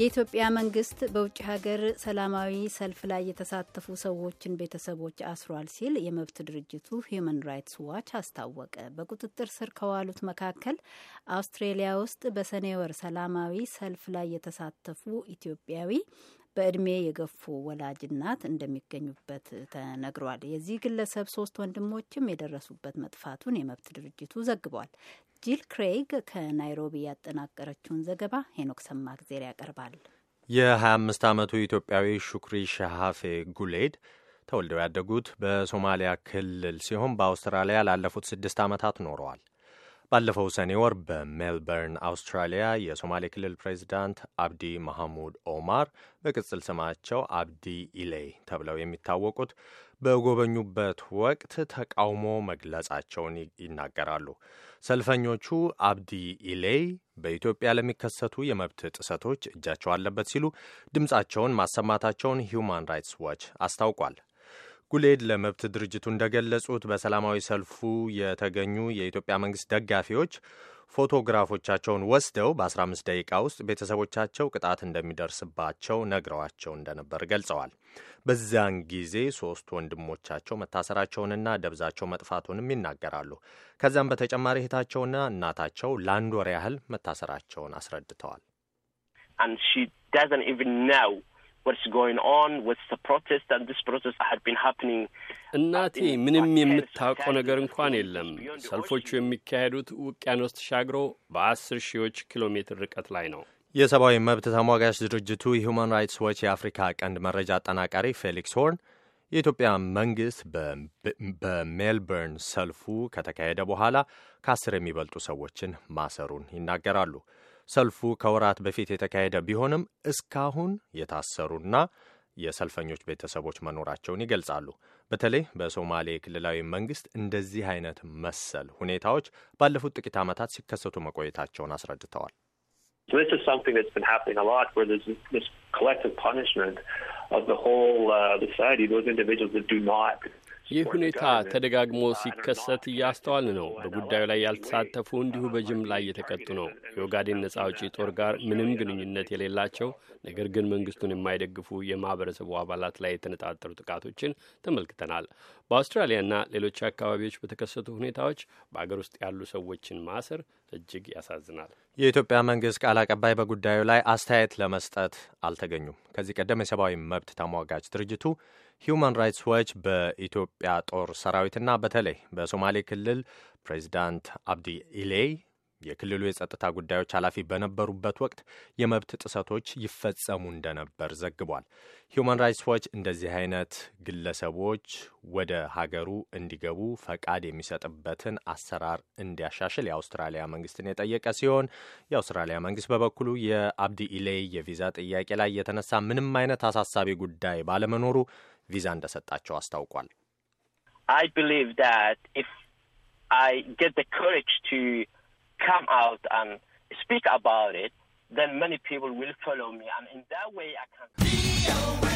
የኢትዮጵያ መንግስት በውጭ ሀገር ሰላማዊ ሰልፍ ላይ የተሳተፉ ሰዎችን ቤተሰቦች አስሯል ሲል የመብት ድርጅቱ ሂዩማን ራይትስ ዋች አስታወቀ። በቁጥጥር ስር ከዋሉት መካከል አውስትሬሊያ ውስጥ በሰኔ ወር ሰላማዊ ሰልፍ ላይ የተሳተፉ ኢትዮጵያዊ በእድሜ የገፉ ወላጅ እናት እንደሚገኙበት ተነግሯል። የዚህ ግለሰብ ሶስት ወንድሞችም የደረሱበት መጥፋቱን የመብት ድርጅቱ ዘግቧል። ጂል ክሬይግ ከናይሮቢ ያጠናቀረችውን ዘገባ ሄኖክ ሰማግዜር ያቀርባል። የ25 ዓመቱ ኢትዮጵያዊ ሹክሪ ሸሃፌ ጉሌድ ተወልደው ያደጉት በሶማሊያ ክልል ሲሆን በአውስትራሊያ ላለፉት ስድስት ዓመታት ኖረዋል። ባለፈው ሰኔ ወር በሜልበርን አውስትራሊያ የሶማሌ ክልል ፕሬዚዳንት አብዲ መሐሙድ ኦማር በቅጽል ስማቸው አብዲ ኢሌ ተብለው የሚታወቁት በጎበኙበት ወቅት ተቃውሞ መግለጻቸውን ይናገራሉ። ሰልፈኞቹ አብዲ ኢሌይ በኢትዮጵያ ለሚከሰቱ የመብት ጥሰቶች እጃቸው አለበት ሲሉ ድምፃቸውን ማሰማታቸውን ሂዩማን ራይትስ ዋች አስታውቋል። ጉሌድ ለመብት ድርጅቱ እንደገለጹት በሰላማዊ ሰልፉ የተገኙ የኢትዮጵያ መንግስት ደጋፊዎች ፎቶግራፎቻቸውን ወስደው በ15 ደቂቃ ውስጥ ቤተሰቦቻቸው ቅጣት እንደሚደርስባቸው ነግረዋቸው እንደነበር ገልጸዋል። በዚያን ጊዜ ሶስት ወንድሞቻቸው መታሰራቸውንና ደብዛቸው መጥፋቱንም ይናገራሉ። ከዚያም በተጨማሪ እህታቸውና እናታቸው ለአንድ ወር ያህል መታሰራቸውን አስረድተዋል። እናቴ ምንም የምታውቀው ነገር እንኳን የለም። ሰልፎቹ የሚካሄዱት ውቅያኖስ ተሻግሮ በአስር ሺዎች ኪሎ ሜትር ርቀት ላይ ነው። የሰብአዊ መብት ተሟጋች ድርጅቱ የሁማን ራይትስ ዎች የአፍሪካ ቀንድ መረጃ አጠናቃሪ ፌሊክስ ሆርን የኢትዮጵያ መንግሥት በሜልበርን ሰልፉ ከተካሄደ በኋላ ከአስር የሚበልጡ ሰዎችን ማሰሩን ይናገራሉ። ሰልፉ ከወራት በፊት የተካሄደ ቢሆንም እስካሁን የታሰሩና የሰልፈኞች ቤተሰቦች መኖራቸውን ይገልጻሉ። በተለይ በሶማሌ ክልላዊ መንግስት እንደዚህ አይነት መሰል ሁኔታዎች ባለፉት ጥቂት ዓመታት ሲከሰቱ መቆየታቸውን አስረድተዋል። collective punishment of the whole uh, society, those individuals that do not ይህ ሁኔታ ተደጋግሞ ሲከሰት እያስተዋል ነው። በጉዳዩ ላይ ያልተሳተፉ እንዲሁ በጅምላ uh, እየተቀጡ ነው። የኦጋዴን ነጻ አውጪ ጦር ጋር ምንም ግንኙነት የሌላቸው ነገር ግን መንግስቱን የማይደግፉ የማህበረሰቡ አባላት ላይ የተነጣጠሩ ጥቃቶችን ተመልክተናል። በአውስትራሊያና ሌሎች አካባቢዎች በተከሰቱ ሁኔታዎች በአገር ውስጥ ያሉ ሰዎችን ማሰር እጅግ ያሳዝናል። የኢትዮጵያ መንግስት ቃል አቀባይ በጉዳዩ ላይ አስተያየት ለመስጠት አልተ አልተገኙም። ከዚህ ቀደም የሰብአዊ መብት ተሟጋች ድርጅቱ ሂዩማን ራይትስ ዎች በኢትዮጵያ ጦር ሰራዊትና በተለይ በሶማሌ ክልል ፕሬዚዳንት አብዲ ኢሌይ የክልሉ የጸጥታ ጉዳዮች ኃላፊ በነበሩበት ወቅት የመብት ጥሰቶች ይፈጸሙ እንደነበር ዘግቧል። ሂዩማን ራይትስ ዋች እንደዚህ አይነት ግለሰቦች ወደ ሀገሩ እንዲገቡ ፈቃድ የሚሰጥበትን አሰራር እንዲያሻሽል የአውስትራሊያ መንግስትን የጠየቀ ሲሆን የአውስትራሊያ መንግስት በበኩሉ የአብዲ ኢሌይ የቪዛ ጥያቄ ላይ የተነሳ ምንም አይነት አሳሳቢ ጉዳይ ባለመኖሩ ቪዛ እንደሰጣቸው አስታውቋል። I believe that if I get the courage to come out and speak about it, then many people will follow me, and in that way I can.